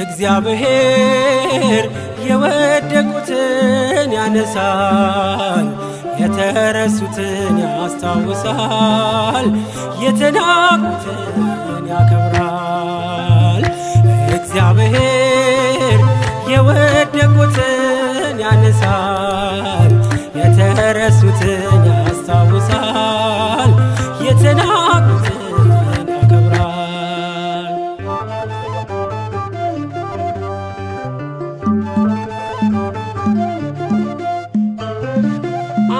እግዚአብሔር የወደቁትን ያነሳል፣ የተረሱትን ያስታውሳል፣ የተናቁትን ያከብራል እግዚአብሔር የቀሩትን ያነሳል፣ የተረሱትን ያስታውሳል፣ የተናቁትን ያከብራል።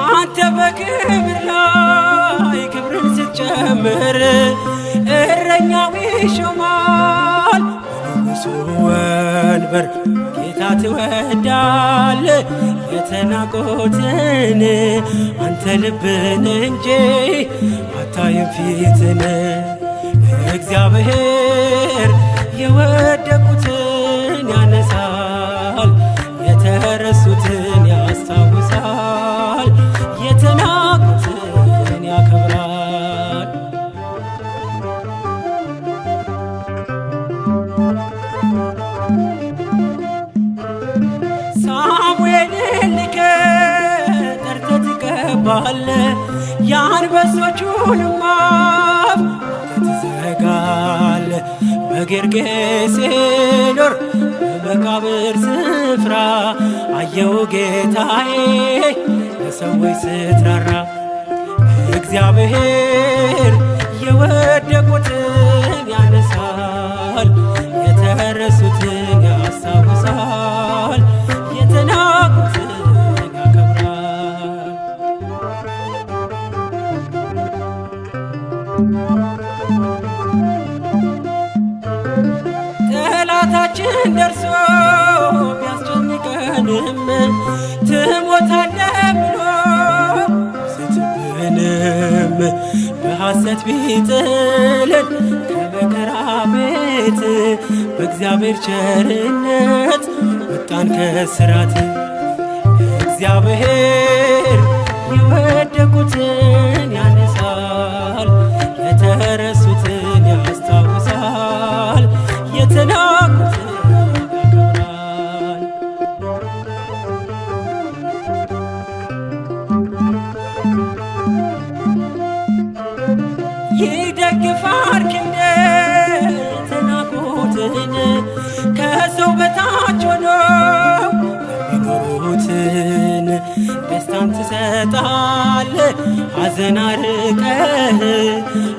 አንተ በክብር ላይ ክብርን ስትጨምር እረኛው ይሾማል በንጉሡ ወንበር ትወዳለ የተናቆትን አንተ ልብን እንጂ አታይም ፊትን እግዚአብሔር የወደቁ ባለ የአንበሶቹንም አፍ ትዘጋለ። በጌርጌሴኖን በመቃብር ስፍራ አየው ጌታዬ ለሰዎች ስትራራ እግዚአብሔር የወደቁትን ያነሳ በሐሰት ቢጥለን ከመከራ ቤት በእግዚአብሔር ቸርነት ወጣን ከስራት እግዚአብሔር የወደቁትን ይደግፋል ክንደ ተናቁትን ከሰው በታች ሆነው የሚኖሩትን ደስታን ትሰጣል። ሐዘን አርቀህ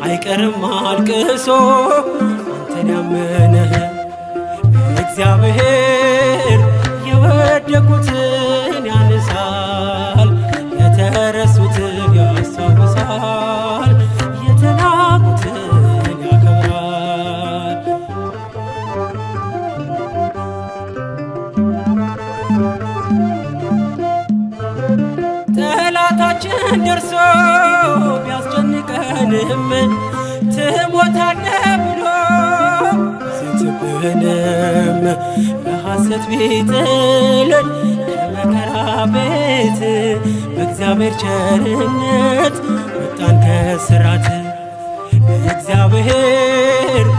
አይቀርም አልቅሶ አንተን ያመነ እግዚአብሔር ደርሶ ቢያስጨንቀንም ትሞታነ ብሎ ስትብንም በሐሰት ቢጥልን ከመከራ ቤት በእግዚአብሔር ቸርነት ወጣን ከስራት እግዚአብሔር